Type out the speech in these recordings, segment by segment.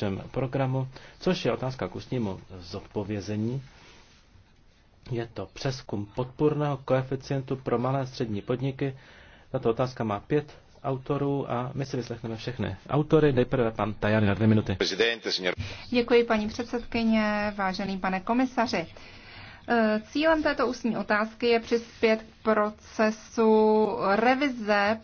našem programu, což je otázka k ústnímu zodpovězení. Je to přeskum podpůrného koeficientu pro malé a střední podniky. Tato otázka má pět autorů a my si vyslechneme všechny autory. Nejprve pan Tajany na dvě minuty. Děkuji paní předsedkyně, vážený pane komisaři. Eh, cílem této ústní otázky je přispět k procesu revize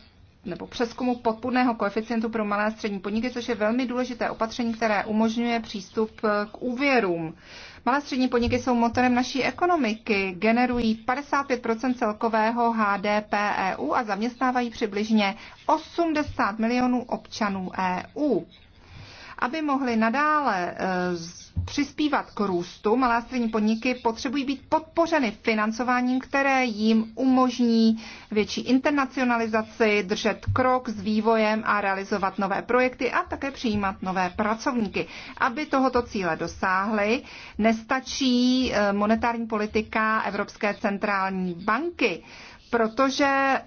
nebo přeskumu podpůrného koeficientu pro malé a střední podniky, což je velmi důležité opatření, které umožňuje přístup eh, k úvěrům. Malé a střední podniky jsou motorem naší ekonomiky, generují 55 celkového HDP EU a zaměstnávají přibližně 80 milionů občanů EU. Aby mohli nadále eh, přispívat k růstu. Malá střední podniky potřebují být podpořeny financováním, které jim umožní větší internacionalizaci, držet krok s vývojem a realizovat nové projekty a také přijímat nové pracovníky. Aby tohoto cíle dosáhly, nestačí eh, monetární politika Evropské centrální banky, protože eh,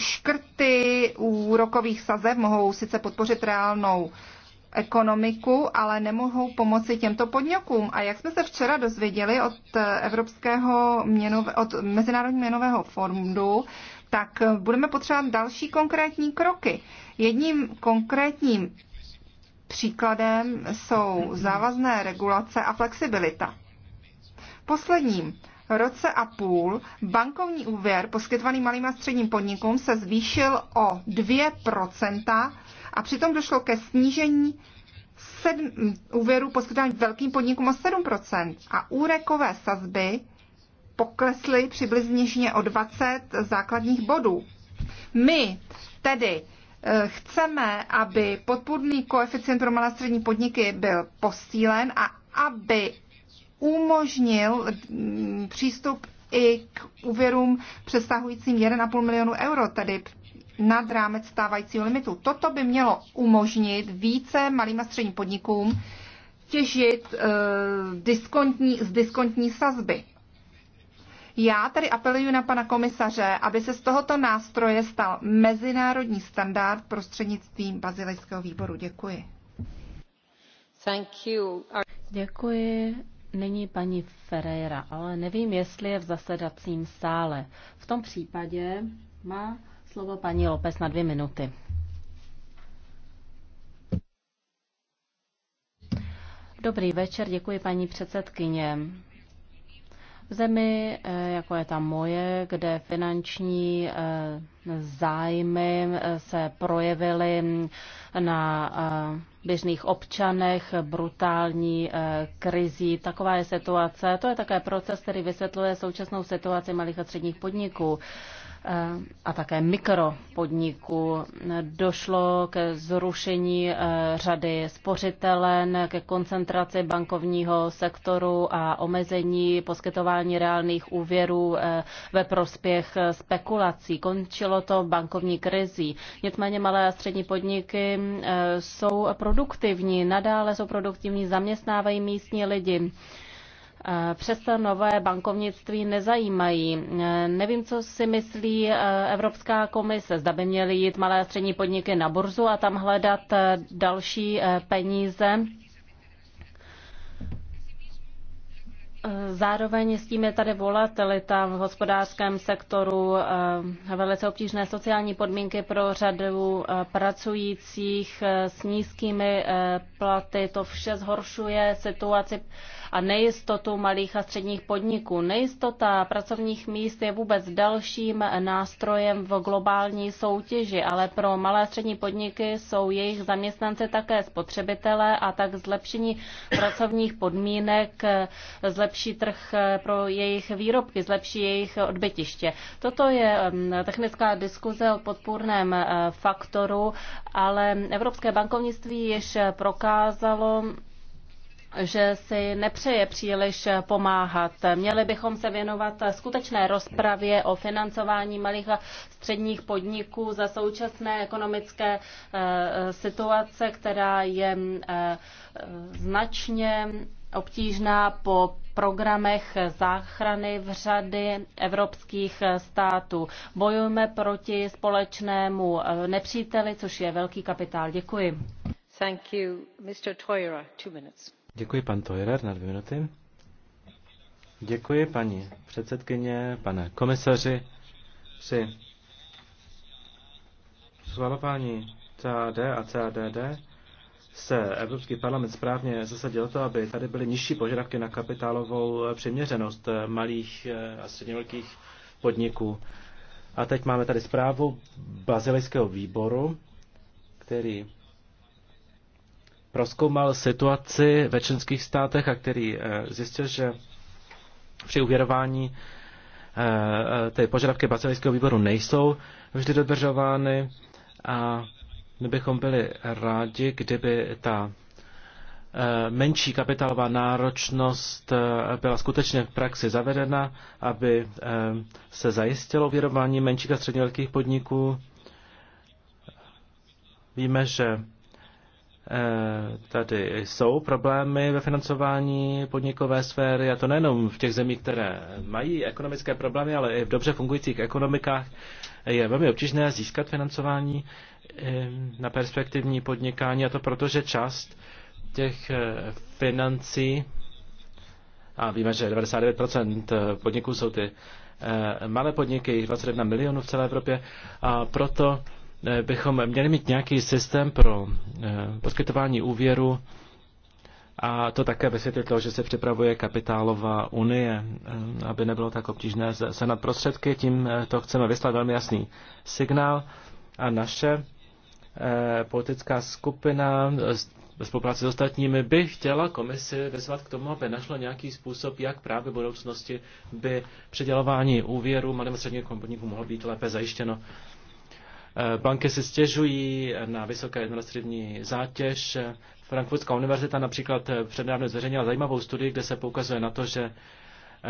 škrty úrokových sazeb mohou sice podpořit reálnou ekonomiku, ale nemohou pomoci těmto podnikům. A jak jsme se včera dozvěděli od Evropského měnové, od Mezinárodního měnového fondu, tak budeme potřebovat další konkrétní kroky. Jedním konkrétním příkladem jsou závazné regulace a flexibilita. Posledním roce a půl bankovní úvěr poskytovaný malým a středním podnikům se zvýšil o 2 a přitom došlo ke snížení sedm, úvěru poskytování velkým podnikům o 7% a úrekové sazby poklesly přibližně o 20 základních bodů. My tedy eh, chceme, aby podpůrný koeficient pro malé střední podniky byl posílen a aby umožnil mm, přístup i k úvěrům přesahujícím 1,5 milionu euro, tedy nad rámec stávajícího limitu. Toto by mělo umožnit více malým a středním podnikům těžit uh, diskontní, z diskontní sazby. Já tady apeluji na pana komisaře, aby se z tohoto nástroje stal mezinárodní standard prostřednictvím Bazilejského výboru. Děkuji. Thank you. Děkuji. Není paní Ferreira, ale nevím, jestli je v zasedacím sále. V tom případě má slovo paní López na dvě minuty. Dobrý večer, děkuji paní předsedkyně. V zemi, eh, jako je ta moje, kde finanční eh, zájmy eh, se projevily na běžných občanech, brutální krizí. Taková je situace. To je také proces, který vysvětluje současnou situaci malých a středních podniků. Eh, a také mikropodniků. Došlo ke zrušení eh, řady spořitelen, ke koncentraci bankovního sektoru a omezení poskytování reálných úvěrů eh, ve prospěch spekulací. Končilo to bankovní krizí. Nicméně malé a střední podniky jsou produktivní, nadále jsou produktivní, zaměstnávají místní lidi. Eh, přesto nové bankovnictví nezajímají. Eh, nevím, co si myslí eh, Evropská komise. Zda by měly jít malé a střední podniky na burzu a tam hledat další peníze. Zároveň s tím je tady volatilita v hospodářském sektoru, velice obtížné sociální podmínky pro řadu pracujících s nízkými platy. To vše zhoršuje situaci a nejistotu malých a středních podniků. Nejistota pracovních míst je vůbec dalším nástrojem v globální soutěži, ale pro malé a střední podniky jsou jejich zaměstnance také spotřebitelé a tak zlepšení pracovních podmínek zlepší trh pro jejich výrobky, zlepší jejich odbytiště. Toto je mm, technická diskuze o podpůrném e, faktoru, ale Evropské bankovnictví již prokázalo, že si nepřeje příliš pomáhat. Měli bychom se věnovat skutečné rozpravě o financování malých a středních podniků za současné ekonomické eh, situace, která je eh, značně obtížná po programech záchrany v řady evropských států. Bojujeme proti společnému eh, nepříteli, což je velký kapitál. Děkuji. Thank you. Mr. Toira, two minutes. Děkuji, pan Tojerer, na dvě minuty. Děkuji, paní předsedkyně, pane komisaři. Při schvalování CAD a CADD se Evropský parlament správně zasadil to, aby tady byly nižší požadavky na kapitálovou přiměřenost malých eh, a středně velkých podniků. A teď máme tady zprávu bazilejského výboru, který proskoumal situaci ve členských státech a který eh, zjistil, že při uvěrování eh, eh, ty požadavky bacilejského výboru nejsou vždy dodržovány a my bychom byli rádi, kdyby ta menší kapitálová náročnost byla skutečně v praxi zavedena, aby se zajistilo uvěrování menších a středně velkých podniků. Víme, že Eh, tady jsou problémy ve financování podnikové sféry, a to nejenom v těch zemích, které mají ekonomické problémy, ale i v dobře fungujících ekonomikách je velmi obtížné získat financování eh, na perspektivní podnikání, a to proto, že část těch eh, financí, a víme, že 99% podniků jsou ty malé podniky, jich 21 milionů v celé Evropě, a proto bychom měli mít nějaký systém pro eh, poskytování úvěru a to také to, že se připravuje kapitálová unie, eh, aby nebylo tak obtížné se nad prostředky. Tím eh, to chceme vyslat velmi jasný signál a naše politická skupina ve spolupráci s ostatními by chtěla komisi vyzvat k tomu, aby našla nějaký způsob, jak právě v budoucnosti by předělování úvěru malým a středním podnikům mohlo být lépe zajištěno. Eh, banky si stěžují eh, na vysoké administrativní zátěž. Eh, Frankfurtská univerzita například přednávno zveřejnila zajímavou studii, kde se poukazuje na to, že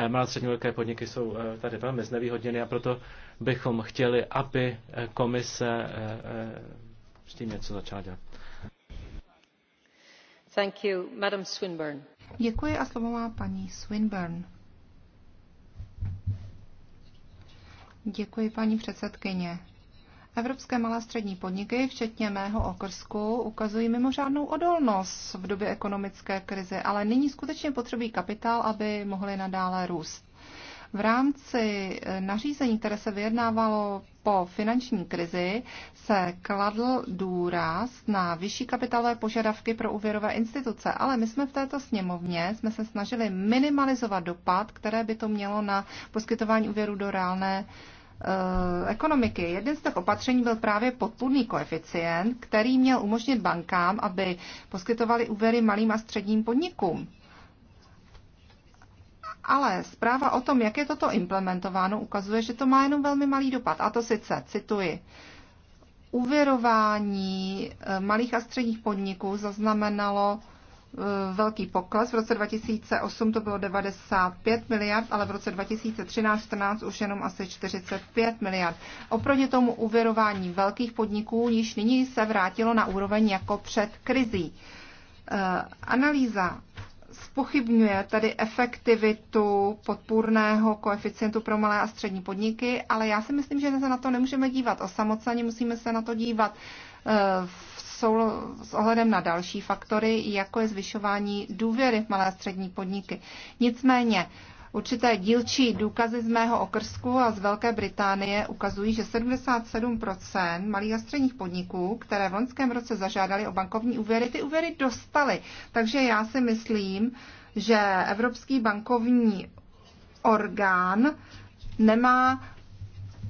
malé střední velké podniky jsou tady velmi znevýhodněny a proto bychom chtěli, aby komise s tím něco začala dělat. Thank you, Madam Swinburne. Děkuji a slovo má paní Swinburne. Děkuji, paní předsedkyně. Evropské malé střední podniky, včetně mého okrsku, ukazují mimořádnou odolnost v době ekonomické krize, ale nyní skutečně potřebují kapitál, aby mohly nadále růst. V rámci eh, nařízení, které se vyjednávalo po finanční krizi, se kladl důraz na vyšší kapitálové požadavky pro úvěrové instituce, ale my jsme v této sněmovně jsme se snažili minimalizovat dopad, které by to mělo na poskytování úvěru do reálné Eh, ekonomiky. Jeden z těch opatření byl právě podpůrný koeficient, který měl umožnit bankám, aby poskytovali úvěry malým a středním podnikům. Ale zpráva o tom, jak je toto implementováno, ukazuje, že to má jenom velmi malý dopad. A to sice, cituji, uvěrování eh, malých a středních podniků zaznamenalo Eh, velký pokles. V roce 2008 to bylo 95 miliard, ale v roce 2013-14 už jenom asi 45 miliard. Oproti tomu uvěrování velkých podniků již nyní se vrátilo na úroveň jako před krizí. Eh, analýza spochybňuje tedy efektivitu podpůrného koeficientu pro malé a střední podniky, ale já si myslím, že se na to nemůžeme dívat osamoceně, musíme se na to dívat v eh, s ohledem na další faktory, jako je zvyšování důvěry v malé a střední podniky. Nicméně určité dílčí důkazy z mého okrsku a z Velké Británie ukazují, že 77% malých a středních podniků, které v loňském roce zažádali o bankovní úvěry, ty úvěry dostaly. Takže já si myslím, že Evropský bankovní orgán nemá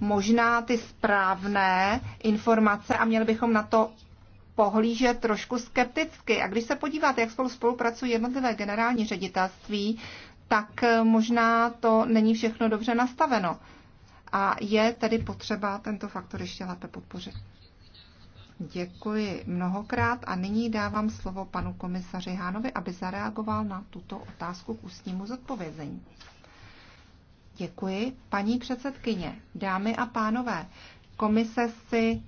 možná ty správné informace a měli bychom na to pohlížet trošku skepticky. A když se podíváte, jak spolu spolupracují jednotlivé generální ředitelství, tak eh, možná to není všechno dobře nastaveno. A je tedy potřeba tento faktor ještě lépe podpořit. Děkuji mnohokrát a nyní dávám slovo panu komisaři Hánovi, aby zareagoval na tuto otázku k ústnímu zodpovězení. Děkuji. Paní předsedkyně, dámy a pánové, komise si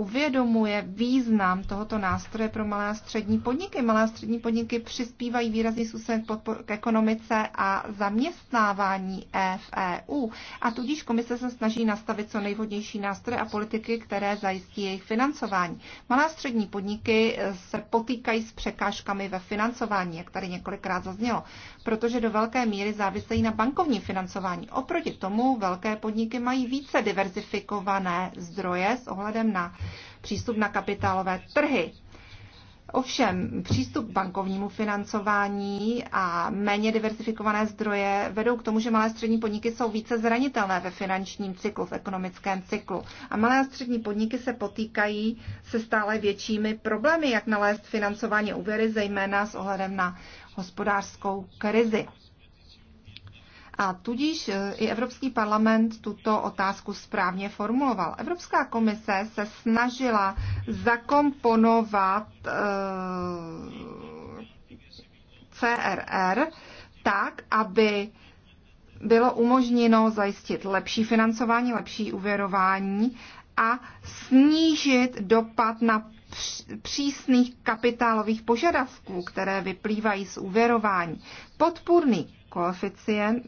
uvědomuje význam tohoto nástroje pro malé a střední podniky. Malé a střední podniky přispívají výrazným způsobem k ekonomice a zaměstnávání v EU. A tudíž komise se snaží nastavit co nejvhodnější nástroje a politiky, které zajistí jejich financování. Malé a střední podniky eh, se potýkají s překážkami ve financování, jak tady několikrát zaznělo, protože do velké míry závisejí na bankovním financování. Oproti tomu velké podniky mají více diverzifikované zdroje s ohledem na přístup na kapitálové trhy. Ovšem, přístup k bankovnímu financování a méně diversifikované zdroje vedou k tomu, že malé a střední podniky jsou více zranitelné ve finančním cyklu, v ekonomickém cyklu. A malé a střední podniky se potýkají se stále většími problémy, jak nalézt financování úvěry, zejména s ohledem na hospodářskou krizi. A tudíž e, i Evropský parlament tuto otázku správně formuloval. Evropská komise se snažila zakomponovat e, CRR tak, aby bylo umožněno zajistit lepší financování, lepší uvěrování a snížit dopad na přísných kapitálových požadavků, které vyplývají z úvěrování. Podpůrný koeficient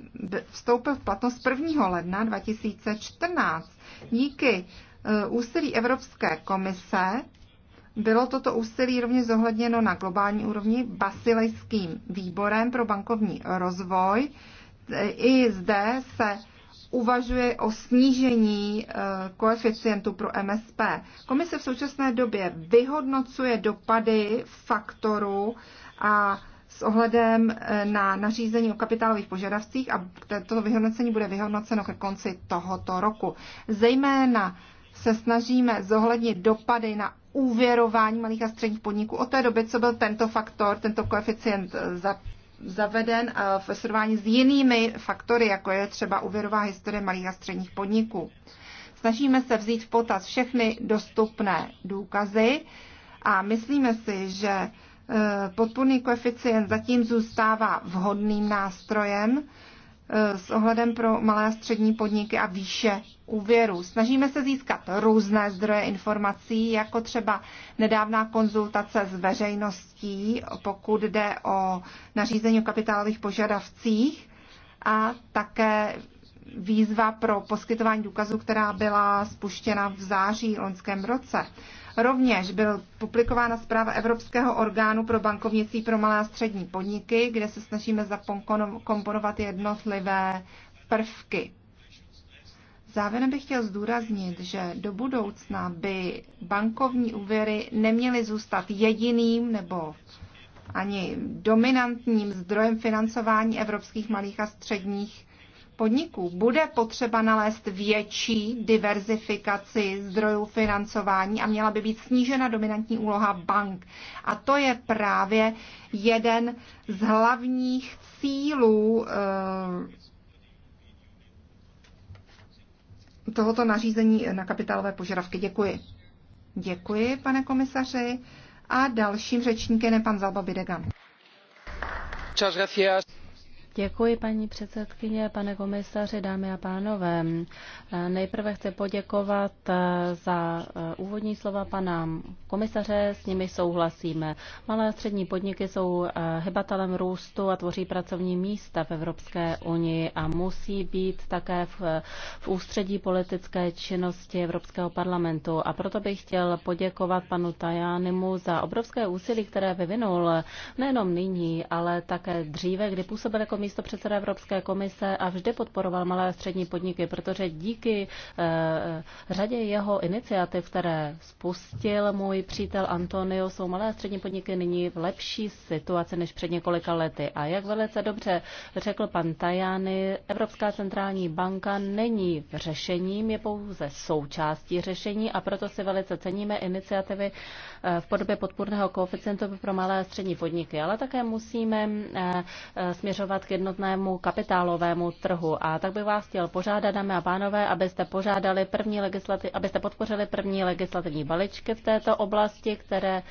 vstoupil v platnost 1. ledna 2014. Díky e, úsilí Evropské komise bylo toto úsilí rovněž zohledněno na globální úrovni Basilejským výborem pro bankovní rozvoj. E, I zde se uvažuje o snížení e, koeficientu pro MSP. Komise v současné době vyhodnocuje dopady faktoru a s ohledem eh, na nařízení o kapitálových požadavcích a toto vyhodnocení bude vyhodnoceno ke konci tohoto roku. Zejména se snažíme zohlednit dopady na úvěrování malých a středních podniků od té doby, co byl tento faktor, tento koeficient eh, za, zaveden eh, v srovnání s jinými faktory, jako je třeba úvěrová historie malých a středních podniků. Snažíme se vzít v potaz všechny dostupné důkazy a myslíme si, že Eh, podpůrný koeficient zatím zůstává vhodným nástrojem eh, s ohledem pro malé a střední podniky a výše úvěru. Snažíme se získat různé zdroje informací, jako třeba nedávná konzultace s veřejností, pokud jde o nařízení o kapitálových požadavcích a také výzva pro poskytování důkazů, která byla spuštěna v září loňském roce. Rovněž byl publikována zpráva Evropského orgánu pro bankovnictví pro malé a střední podniky, kde se snažíme zakomponovat jednotlivé prvky. Závěrem bych chtěl zdůraznit, že do budoucna by bankovní úvěry neměly zůstat jediným nebo ani dominantním zdrojem financování evropských malých a středních podniků. Bude potřeba nalézt větší diverzifikaci zdrojů financování a měla by být snížena dominantní úloha bank. A to je právě jeden z hlavních cílů eh, tohoto nařízení na kapitálové požadavky. Děkuji. Děkuji, pane komisaři. A dalším řečníkem je pan Zalba Bidegan. Děkuji, paní předsedkyně, pane komisaři, dámy a pánové. Nejprve chci poděkovat eh, za eh, úvodní slova pana komisaře, s nimi souhlasíme. Malé a střední podniky jsou hebatelem eh, růstu a tvoří pracovní místa v Evropské unii a musí být také v, v ústředí politické činnosti Evropského parlamentu. A proto bych chtěl poděkovat panu Tajánimu za obrovské úsilí, které vyvinul nejenom nyní, ale také dříve, kdy působil jako místo předseda Evropské komise a vždy podporoval malé a střední podniky, protože díky eh, řadě jeho iniciativ, které spustil můj přítel Antonio, jsou malé a střední podniky nyní v lepší situaci než před několika lety. A jak velice dobře řekl pan Tajany, Evropská centrální banka není řešením, je pouze součástí řešení a proto si velice ceníme iniciativy eh, v podobě podpůrného koeficientu pro malé a střední podniky. Ale také musíme eh, směřovat k jednotnému kapitálovému trhu. A tak bych vás chtěl požádat, dámy a pánové, abyste, požádali první legislati- abyste podpořili první legislativní balíčky v této oblasti, které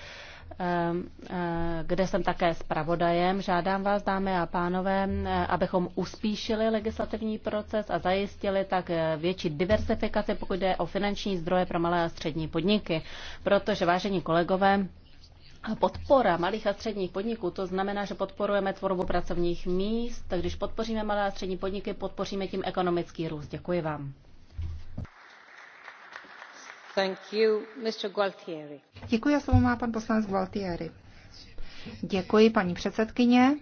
ehm, eh, kde jsem také zpravodajem. Žádám vás, dámy a pánové, eh, abychom uspíšili legislativní proces a zajistili tak eh, větší diversifikaci, pokud jde o finanční zdroje pro malé a střední podniky. Protože, vážení kolegové, Podpora malých a středních podniků, to znamená, že podporujeme tvorbu pracovních míst, tak když podpoříme malé a střední podniky, podpoříme tím ekonomický růst. Děkuji vám. Thank you, Mr. Gualtieri. Děkuji, a slovo má pan poslanec Gualtieri. Děkuji, paní předsedkyně.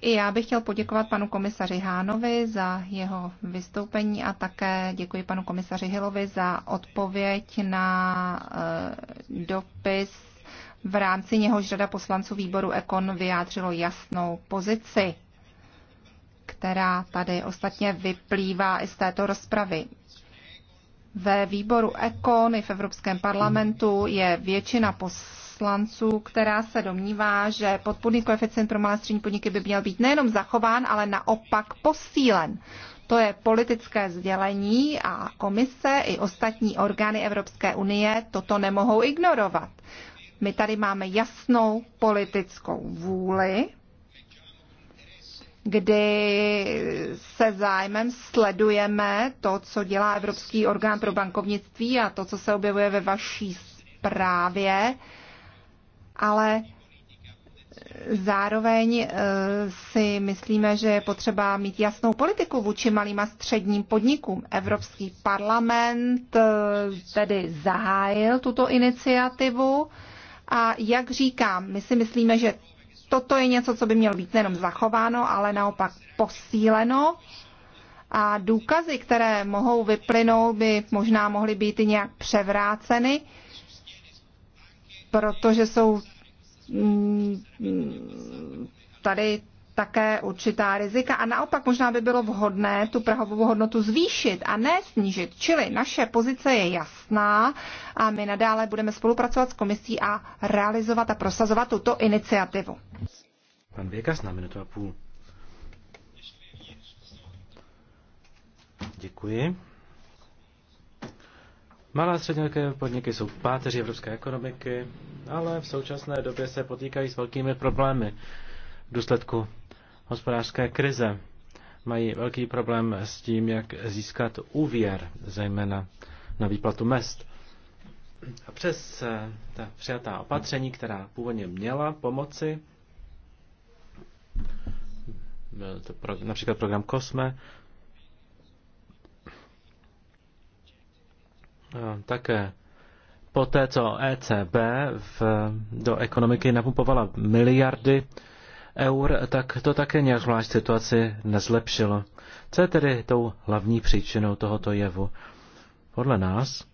I já bych chtěl poděkovat panu komisaři Hánovi za jeho vystoupení a také děkuji panu komisaři Hilovi za odpověď na eh, dopis v rámci něhož řada poslanců výboru Ekon vyjádřilo jasnou pozici, která tady ostatně vyplývá i z této rozpravy. Ve výboru Ekon i v Evropském parlamentu je většina poslanců, která se domnívá, že podpůrný koeficient pro malé střední podniky by měl být nejenom zachován, ale naopak posílen. To je politické sdělení a komise i ostatní orgány Evropské unie toto nemohou ignorovat. My tady máme jasnou politickou vůli, kdy se zájmem sledujeme to, co dělá Evropský orgán pro bankovnictví a to, co se objevuje ve vaší zprávě, ale zároveň eh, si myslíme, že je potřeba mít jasnou politiku vůči malým a středním podnikům. Evropský parlament eh, tedy zahájil tuto iniciativu a jak říkám, my si myslíme, že toto je něco, co by mělo být nejenom zachováno, ale naopak posíleno. A důkazy, které mohou vyplynout, by možná mohly být i nějak převráceny, protože jsou mm, tady také určitá rizika a naopak možná by bylo vhodné tu prahovou hodnotu zvýšit a ne snížit. Čili naše pozice je jasná a my nadále budeme spolupracovat s komisí a realizovat a prosazovat tuto iniciativu. Pan Věkas na minutu a půl. Děkuji. Malé a střední podniky jsou páteři evropské ekonomiky, ale v současné době se potýkají s velkými problémy v důsledku hospodářské krize. Mají velký problém s tím, jak získat úvěr, zejména na výplatu mest. A přes eh, ta přijatá opatření, která původně měla pomoci, byl to pro, například program COSME, také poté, co ECB v, do ekonomiky napumpovala miliardy eur, tak to také nějak zvlášť situaci nezlepšilo. Co je tedy tou hlavní příčinou tohoto jevu? Podle nás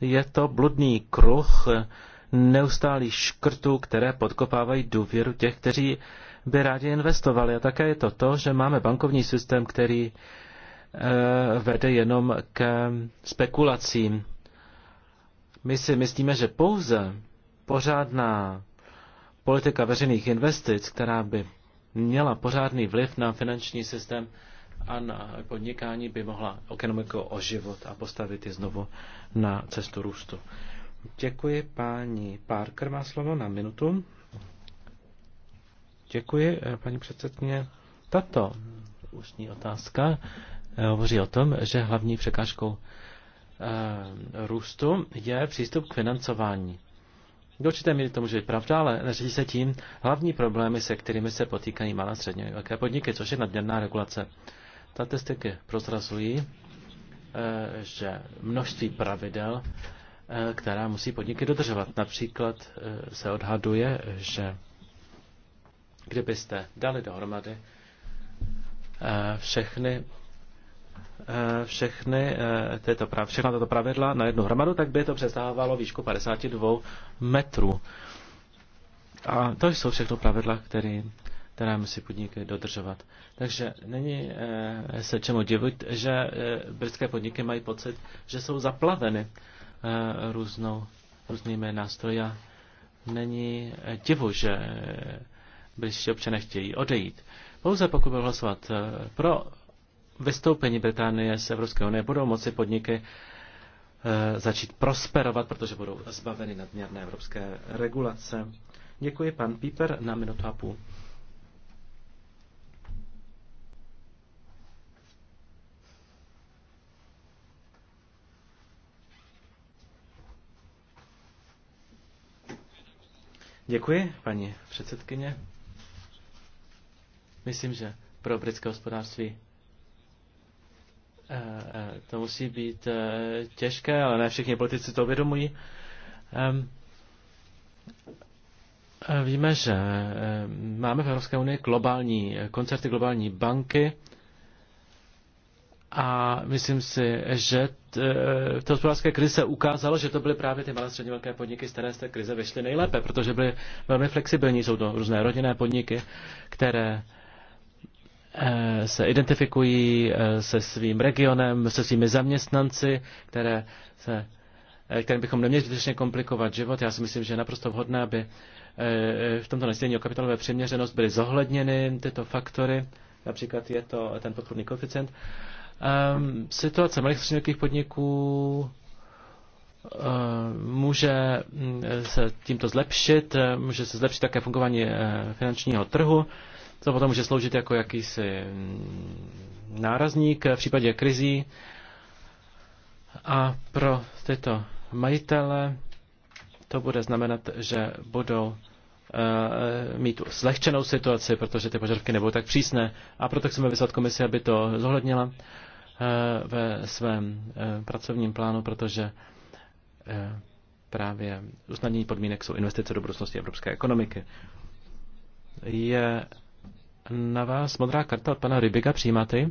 je to bludný kruh neustálých škrtů, které podkopávají důvěru těch, kteří by rádi investovali. A také je to to, že máme bankovní systém, který eh, vede jenom k spekulacím. My si myslíme, že pouze pořádná politika veřejných investic, která by měla pořádný vliv na finanční systém a na podnikání, by mohla ekonomiku oživot a postavit ji znovu na cestu růstu. Děkuji paní Parker, má slovo na minutu. Děkuji, eh, paní předsedkyně. Tato ústní otázka eh, hovoří o tom, že hlavní překážkou eh, růstu je přístup k financování. Do určité míry to může být pravda, ale neří se tím hlavní problémy, se kterými se potýkají malé střední středně velké podniky, což je nadměrná regulace. Statistiky prozrazují, eh, že množství pravidel, eh, která musí podniky dodržovat. Například eh, se odhaduje, že kdybyste dali dohromady všechny Eh, všechny eh, tyto prav, všechna tato pravidla na jednu hromadu, tak by to přestávalo výšku 52 metrů. A to jsou všechno pravidla, které, které musí podniky dodržovat. Takže není eh, se čemu divit, že britské podniky mají pocit, že jsou zaplaveny různou, různými nástroji. Není divu, že britští občané chtějí odejít. Pouze pokud byl hlasovat pro vystoupení Británie z Evropské unie budou moci podniky eh, začít prosperovat, protože budou zbaveny nadměrné evropské regulace. Děkuji, pan Píper, na minutu a půl. Děkuji, paní předsedkyně. Myslím, že pro britské hospodářství Eh, eh, to musí být eh, těžké, ale ne všichni politici to uvědomují. Víme, že máme v Evropské unii globální koncerty, globální banky a myslím si, že v té hospodářské krize ukázalo, že to byly právě ty malé středně velké podniky, z které z té krize vyšly nejlépe, protože byly velmi flexibilní. Jsou to různé rodinné podniky, které Eh, se identifikují eh, se svým regionem, se svými zaměstnanci, které se, eh, kterým bychom neměli zbytečně komplikovat život. Já si myslím, že je naprosto vhodné, aby v tomto nastavení o kapitalové přiměřenost byly zohledněny tyto faktory, například je to ten podporný koeficient. Ehm, situace malých středních podniků může mm, se tímto zlepšit, může se zlepšit také fungování finančního trhu co potom může sloužit jako jakýsi nárazník v případě krizí. A pro tyto majitele to bude znamenat, že budou eh, mít zlehčenou situaci, protože ty požadavky nebudou tak přísné. A proto chceme vyslat komisi, aby to zohlednila eh, ve svém eh, pracovním plánu, protože právě usnadnění podmínek jsou investice do budoucnosti evropské ekonomiky. Je na vás modrá karta od pana Rybiga. Přijímáte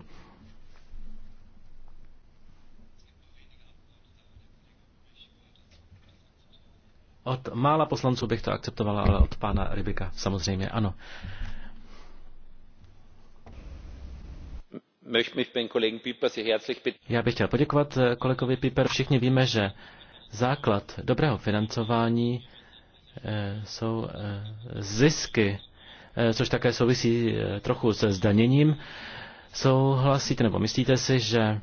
Od mála poslanců bych to akceptovala, ale od pána Rybika samozřejmě ano. Já bych chtěl poděkovat eh, kolegovi Piper. Všichni víme, že základ dobrého financování eh, jsou eh, zisky Eh, což také souvisí eh, trochu se zdaněním. Souhlasíte nebo myslíte si, že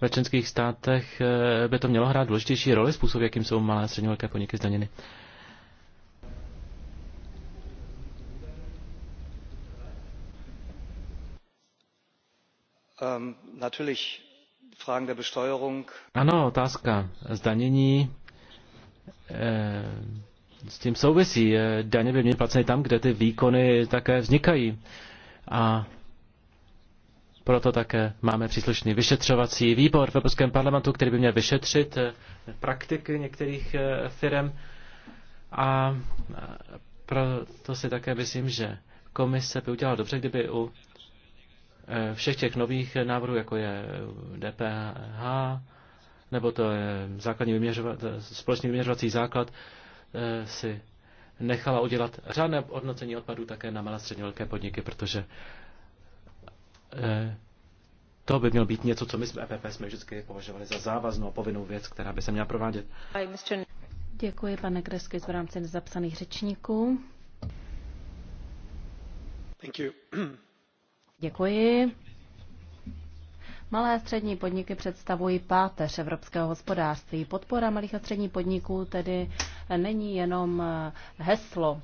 ve členských státech eh, by to mělo hrát důležitější roli způsob, jakým jsou malé a středně velké podniky zdaněny? Ähm, ano, otázka zdanění s tím souvisí. Daně by měly placeny tam, kde ty výkony také vznikají. A proto také máme příslušný vyšetřovací výbor v Evropském parlamentu, který by měl vyšetřit eh, praktiky některých eh, firm. A eh, proto si také myslím, že komise by udělala dobře, kdyby u všech těch nových návrhů, jako je DPH, nebo to je základní vyměřovací, společný vyměřovací základ, Eh, si nechala udělat řádné odnocení odpadů také na malé středně velké podniky, protože eh, to by mělo být něco, co my jsme EPP jsme vždycky považovali za závaznou povinnou věc, která by se měla provádět. Děkuji, pane Kresky, v rámci nezapsaných řečníků. Thank you. Děkuji. Malé a střední podniky představují páteř evropského hospodářství. Podpora malých a středních podniků tedy není jenom eh, heslo.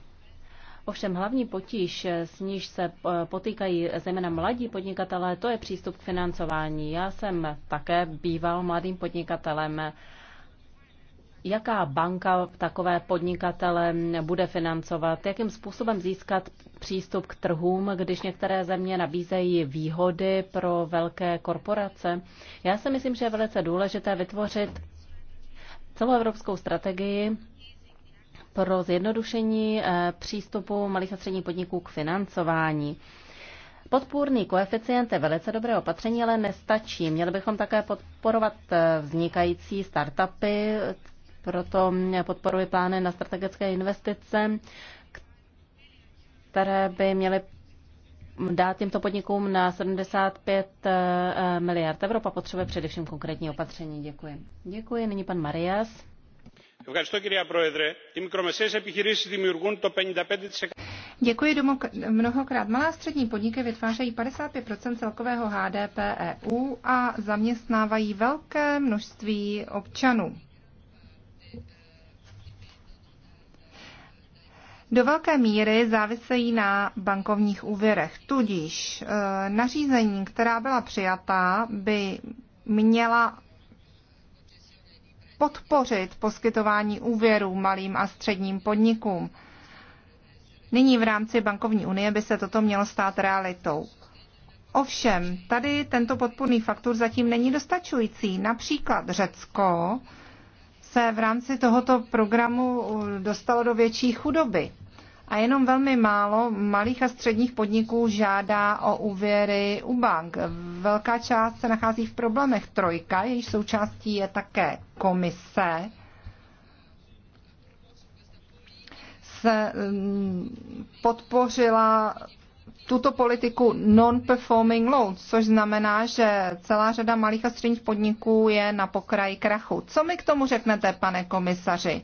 Ovšem hlavní potíž, eh, s níž se eh, potýkají zejména mladí podnikatelé, to je přístup k financování. Já jsem také býval mladým podnikatelem. Jaká banka takové podnikatele bude financovat? Jakým způsobem získat přístup k trhům, když některé země nabízejí výhody pro velké korporace? Já si myslím, že je velice důležité vytvořit celoevropskou strategii pro zjednodušení eh, přístupu malých a středních podniků k financování. Podpůrný koeficient je velice dobré opatření, ale nestačí. Měli bychom také podporovat eh, vznikající startupy, proto eh, podporuji plány na strategické investice, které by měly dát těmto podnikům na 75 miliard. Evropa potřebuje především konkrétní opatření. Děkuji. Děkuji. Nyní pan Marias. Κυρία Πρόεδρε. Οι μικρομεσαίες επιχειρήσεις δημιουργούν το Děkuji mnohokrát. Malá střední podniky vytvářejí 55 celkového HDP EU a zaměstnávají velké množství občanů. Do velké míry závisejí na bankovních úvěrech. Tudíž eh, nařízení, která byla přijata, by měla podpořit poskytování úvěrů malým a středním podnikům. Nyní v rámci bankovní unie by se toto mělo stát realitou. Ovšem, tady tento podpůrný faktor zatím není dostačující. Například Řecko se v rámci tohoto programu eh, dostalo do větší chudoby a jenom velmi málo malých a středních podniků žádá o úvěry u bank. Velká část se nachází v problémech. Trojka, jejíž součástí je také komise, se mm, podpořila tuto politiku non-performing loans, což znamená, že celá řada malých a středních podniků je na pokraji krachu. Co mi k tomu řeknete, pane komisaři?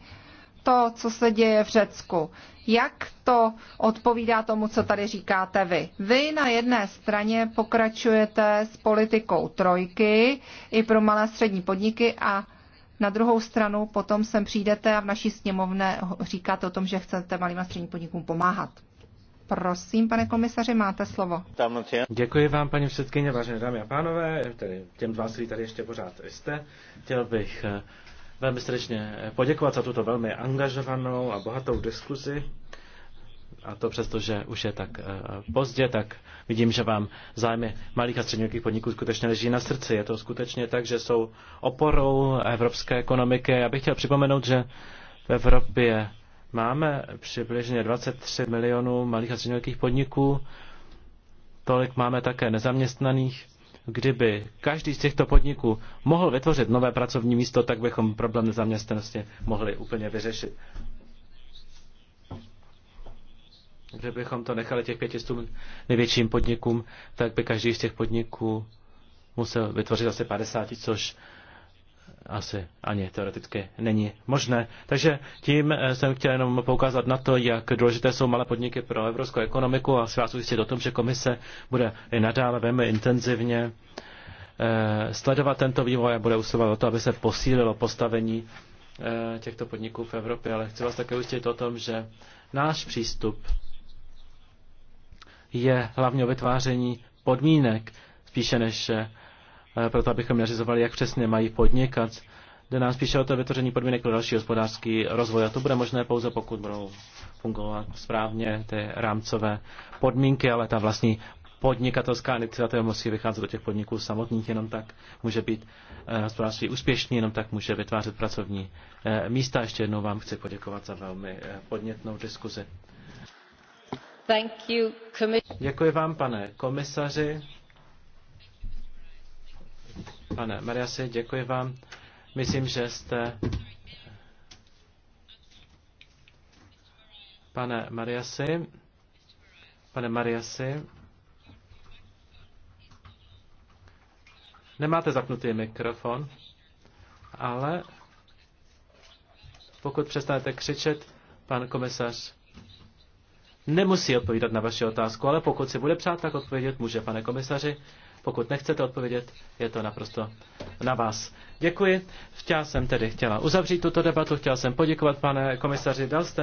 To, co se děje v Řecku. Jak to odpovídá tomu, co tady říkáte vy? Vy na jedné straně pokračujete s politikou trojky i pro malé a střední podniky a na druhou stranu potom sem přijdete a v naší sněmovně říkáte o tom, že chcete malým a středním podnikům pomáhat. Prosím, pane komisaři, máte slovo. No, Děkuji vám, paní předsedkyně, vážené dámy a pánové, tedy těm z vás, kteří tady ještě pořád jste. Chtěl bych eh, velmi srdečně poděkovat za tuto velmi angažovanou a bohatou diskuzi. A to přesto, že už je tak eh, pozdě, tak vidím, že vám zájmy malých a středních podniků skutečně leží na srdci. Je to skutečně tak, že jsou oporou evropské ekonomiky. Já bych chtěl připomenout, že v Evropě máme přibližně 23 milionů malých a středních podniků. Tolik máme také nezaměstnaných Kdyby každý z těchto podniků mohl vytvořit nové pracovní místo, tak bychom problém nezaměstnanosti mohli úplně vyřešit. Kdybychom to nechali těch 500 největším podnikům, tak by každý z těch podniků musel vytvořit asi 50, což asi ani teoreticky není možné. Takže tím eh, jsem chtěl jenom poukázat na to, jak důležité jsou malé podniky pro evropskou ekonomiku a si vás ujistit o tom, že komise bude i nadále velmi intenzivně eh, sledovat tento vývoj a bude usilovat o to, aby se posílilo postavení eh, těchto podniků v Evropě. Ale chci vás také ujistit o tom, že náš přístup je hlavně o vytváření podmínek spíše než Eh, proto abychom nařizovali, jak přesně mají podnikat. Jde nám spíše o to vytvoření podmínek pro další hospodářský rozvoj a to bude možné pouze, pokud budou fungovat správně ty rámcové podmínky, ale ta vlastní podnikatelská iniciativa musí vycházet do těch podniků samotných, jenom tak může být eh, hospodářství úspěšný, jenom tak může vytvářet pracovní eh, místa. Ještě jednou vám chci poděkovat za velmi podnětnou diskuzi. Thank you, Děkuji vám, pane komisaři. Pane Mariasi, děkuji vám. Myslím, že jste... Pane Mariasi, pane Mariasi, nemáte zapnutý mikrofon, ale pokud přestanete křičet, pan komisař nemusí odpovídat na vaši otázku, ale pokud si bude přát, tak odpovědět může, pane komisaři. Pokud nechcete odpovědět, je to naprosto na vás. Děkuji. Chtěl jsem tedy chtěla uzavřít tuto debatu, chtěl jsem poděkovat pane komisaři Dalste.